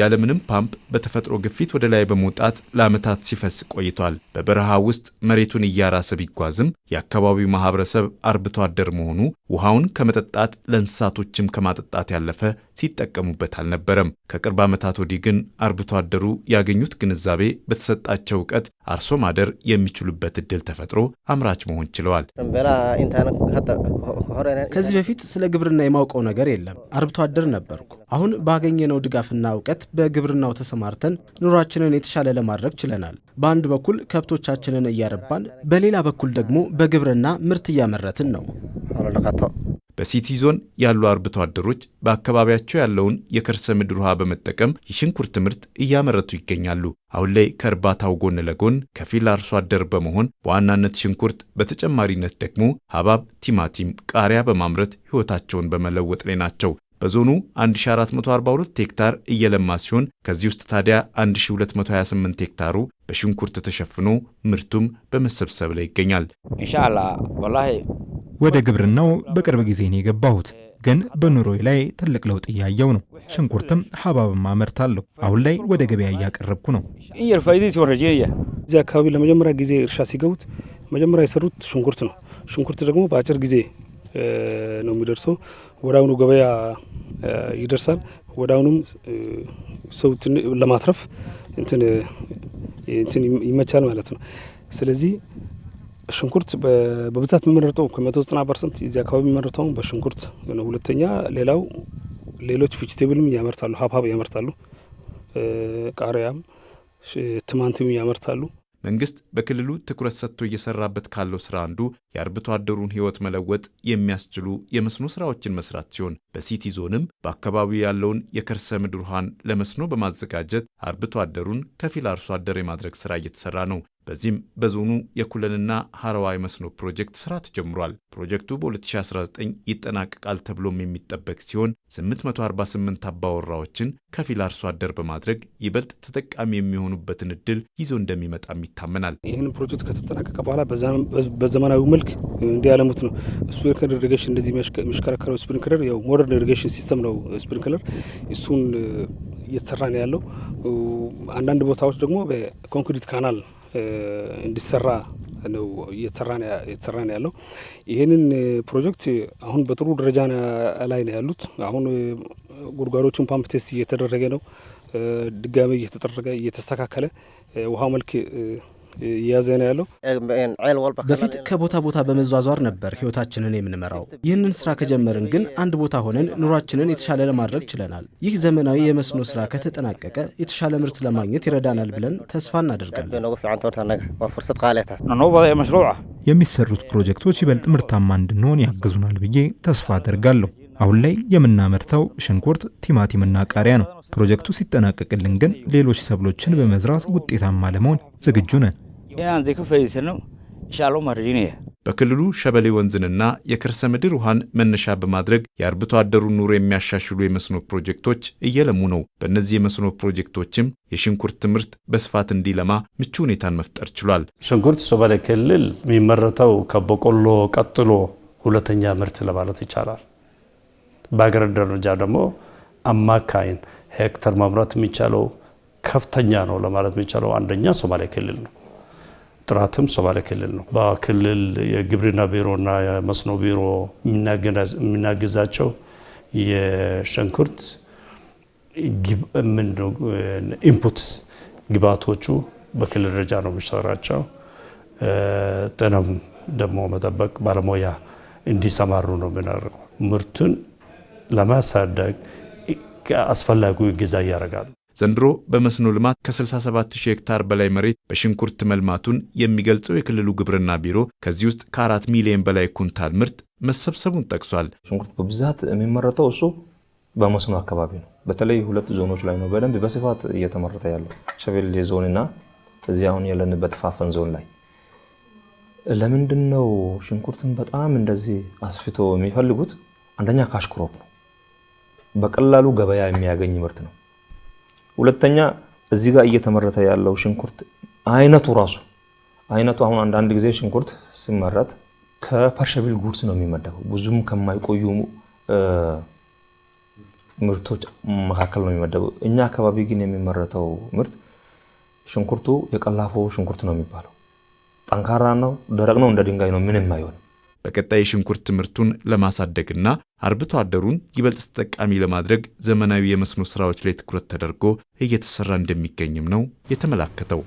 ያለምንም ፓምፕ በተፈጥሮ ግፊት ወደ ላይ በመውጣት ለዓመታት ሲፈስ ቆይቷል። በበረሃ ውስጥ መሬቱን እያራሰ ቢጓዝም የአካባቢው ማህበረሰብ አርብቶ አደር መሆኑ ውሃውን ከመጠጣት ለእንስሳቶችም ከማጠጣት ያለፈ ሲጠቀሙበት አልነበረም። ከቅርብ ዓመታት ወዲህ ግን አርብቶ አደሩ ያገኙት ግንዛቤ በተሰጣቸው እውቀት አርሶ ማደር የሚችሉበት እድል ተፈጥሮ አምራች መሆን ችለዋል። ከዚህ በፊት ስለ ግብርና የማውቀው ነገር የለም። አርብቶ አደር ነበርኩ። አሁን ባገኘነው ድጋፍና እውቀት በግብርናው ተሰማርተን ኑሯችንን የተሻለ ለማድረግ ችለናል። በአንድ በኩል ከብቶቻችንን እያረባን፣ በሌላ በኩል ደግሞ በግብርና ምርት እያመረትን ነው። በሲቲ ዞን ያሉ አርብቶ አደሮች በአካባቢያቸው ያለውን የከርሰ ምድር ውሃ በመጠቀም የሽንኩርት ምርት እያመረቱ ይገኛሉ። አሁን ላይ ከእርባታው ጎን ለጎን ከፊል አርሶ አደር በመሆን በዋናነት ሽንኩርት፣ በተጨማሪነት ደግሞ ሐብሐብ፣ ቲማቲም፣ ቃሪያ በማምረት ሕይወታቸውን በመለወጥ ላይ ናቸው። በዞኑ 1442 ሄክታር እየለማ ሲሆን ከዚህ ውስጥ ታዲያ 1228 ሄክታሩ በሽንኩርት ተሸፍኖ ምርቱም በመሰብሰብ ላይ ይገኛል። ኢንሻአላህ ወላሂ ወደ ግብርናው በቅርብ ጊዜ ነው የገባሁት፣ ግን በኑሮዬ ላይ ትልቅ ለውጥ እያየው ነው። ሽንኩርትም ሀብሐብም አመርታለሁ። አሁን ላይ ወደ ገበያ እያቀረብኩ ነው። እዚህ አካባቢ ለመጀመሪያ ጊዜ እርሻ ሲገቡት መጀመሪያ የሰሩት ሽንኩርት ነው። ሽንኩርት ደግሞ በአጭር ጊዜ ነው የሚደርሰው። ወዳአሁኑ ገበያ ይደርሳል። ወዳአሁኑም ሰው ለማትረፍ እንትን ይመቻል ማለት ነው። ስለዚህ ሽንኩርት በብዛት የሚመረተው ከመቶ ዘጠና ፐርሰንት የዚህ አካባቢ የሚመረተው በሽንኩርት ነው። ሁለተኛ ሌላው ሌሎች ቬጅቴብልም ያመርታሉ፣ ሀብሀብ ያመርታሉ፣ ቃሪያም ትማንትም ያመርታሉ። መንግስት በክልሉ ትኩረት ሰጥቶ እየሰራበት ካለው ስራ አንዱ የአርብቶ አደሩን ህይወት መለወጥ የሚያስችሉ የመስኖ ስራዎችን መስራት ሲሆን በሲቲ ዞንም በአካባቢው ያለውን የከርሰ ምድር ውሃን ለመስኖ በማዘጋጀት አርብቶ አደሩን ከፊል አርሶ አደር የማድረግ ስራ እየተሰራ ነው። በዚህም በዞኑ የኩለንና ሀረዋ መስኖ ፕሮጀክት ስራ ተጀምሯል። ፕሮጀክቱ በ2019 ይጠናቀቃል ተብሎም የሚጠበቅ ሲሆን 848 አባወራዎችን ከፊል አርሶ አደር በማድረግ ይበልጥ ተጠቃሚ የሚሆኑበትን እድል ይዞ እንደሚመጣም ይታመናል። ይህን ፕሮጀክት ከተጠናቀቀ በኋላ በዘመናዊ መልክ እንዲህ ያለሙት ነው። ስፕሪንክለር ኢሪጌሽን እንደዚህ የሚሽከረከረው ስፕሪንክለር ያው ሞደርን ኢሪጌሽን ሲስተም ነው። ስፕሪንክለር እሱን እየተሰራ ነው ያለው። አንዳንድ ቦታዎች ደግሞ በኮንክሪት ካናል እንዲሰራ ነው እየተሰራ ነው ያለው። ይህንን ፕሮጀክት አሁን በጥሩ ደረጃ ላይ ነው ያሉት። አሁን ጉድጓዶችን ፓምፕ ቴስት እየተደረገ ነው፣ ድጋሚ እየተጠረገ እየተስተካከለ ውሃ መልክ እያዘ ነው ያለው። በፊት ከቦታ ቦታ በመዟዟር ነበር ህይወታችንን የምንመራው። ይህንን ስራ ከጀመርን ግን አንድ ቦታ ሆነን ኑሯችንን የተሻለ ለማድረግ ችለናል። ይህ ዘመናዊ የመስኖ ስራ ከተጠናቀቀ የተሻለ ምርት ለማግኘት ይረዳናል ብለን ተስፋ እናደርጋለን። የሚሰሩት ፕሮጀክቶች ይበልጥ ምርታማ እንድንሆን ያግዙናል ብዬ ተስፋ አደርጋለሁ። አሁን ላይ የምናመርተው ሽንኩርት፣ ቲማቲምና ቃሪያ ነው። ፕሮጀክቱ ሲጠናቀቅልን ግን ሌሎች ሰብሎችን በመዝራት ውጤታማ ለመሆን ዝግጁ ነን። በክልሉ ሸበሌ ወንዝንና የከርሰ ምድር ውሃን መነሻ በማድረግ የአርብቶ አደሩን ኑሮ የሚያሻሽሉ የመስኖ ፕሮጀክቶች እየለሙ ነው። በእነዚህ የመስኖ ፕሮጀክቶችም የሽንኩርት ምርት በስፋት እንዲለማ ምቹ ሁኔታን መፍጠር ችሏል። ሽንኩርት ሸበሌ ክልል የሚመረተው ከበቆሎ ቀጥሎ ሁለተኛ ምርት ለማለት ይቻላል። በሀገር ደረጃ ደግሞ አማካይን ሄክተር ማምረት የሚቻለው ከፍተኛ ነው ለማለት የሚቻለው አንደኛ ሶማሌ ክልል ነው። ጥራትም ሶማሌ ክልል ነው። በክልል የግብርና ቢሮና የመስኖ ቢሮ የሚናግዛቸው የሸንኩርት ኢንፑትስ ግብዓቶቹ በክልል ደረጃ ነው የሚሰራቸው። ጤናም ደግሞ መጠበቅ ባለሙያ እንዲሰማሩ ነው የምናደርገው። ምርቱን ለማሳደግ አስፈላጊው ግዛ እያደረጋሉ። ዘንድሮ በመስኖ ልማት ከ67000 ሄክታር በላይ መሬት በሽንኩርት መልማቱን የሚገልጸው የክልሉ ግብርና ቢሮ ከዚህ ውስጥ ከ4 ሚሊዮን በላይ ኩንታል ምርት መሰብሰቡን ጠቅሷል። ሽንኩርት በብዛት የሚመረተው እሱ በመስኖ አካባቢ ነው። በተለይ ሁለት ዞኖች ላይ ነው በደንብ በስፋት እየተመረተ ያለው ሸበሌ ዞንና እዚህ አሁን ያለንበት ፋፈን ዞን ላይ ለምንድን ነው ሽንኩርትን በጣም እንደዚህ አስፍቶ የሚፈልጉት? አንደኛ ካሽክሮፕ ነው። በቀላሉ ገበያ የሚያገኝ ምርት ነው። ሁለተኛ እዚህ ጋር እየተመረተ ያለው ሽንኩርት አይነቱ ራሱ አይነቱ አሁን አንዳንድ ጊዜ ሽንኩርት ሲመረት ከፐርሸብል ጉድስ ነው የሚመደበው። ብዙም ከማይቆዩ ምርቶች መካከል ነው የሚመደበው። እኛ አካባቢ ግን የሚመረተው ምርት ሽንኩርቱ የቀላፎ ሽንኩርት ነው የሚባለው። ጠንካራ ነው፣ ደረቅ ነው፣ እንደ ድንጋይ ነው፣ ምንም አይሆንም። በቀጣይ የሽንኩርት ምርቱን ለማሳደግና አርብቶ አደሩን ይበልጥ ተጠቃሚ ለማድረግ ዘመናዊ የመስኖ ስራዎች ላይ ትኩረት ተደርጎ እየተሰራ እንደሚገኝም ነው የተመላከተው።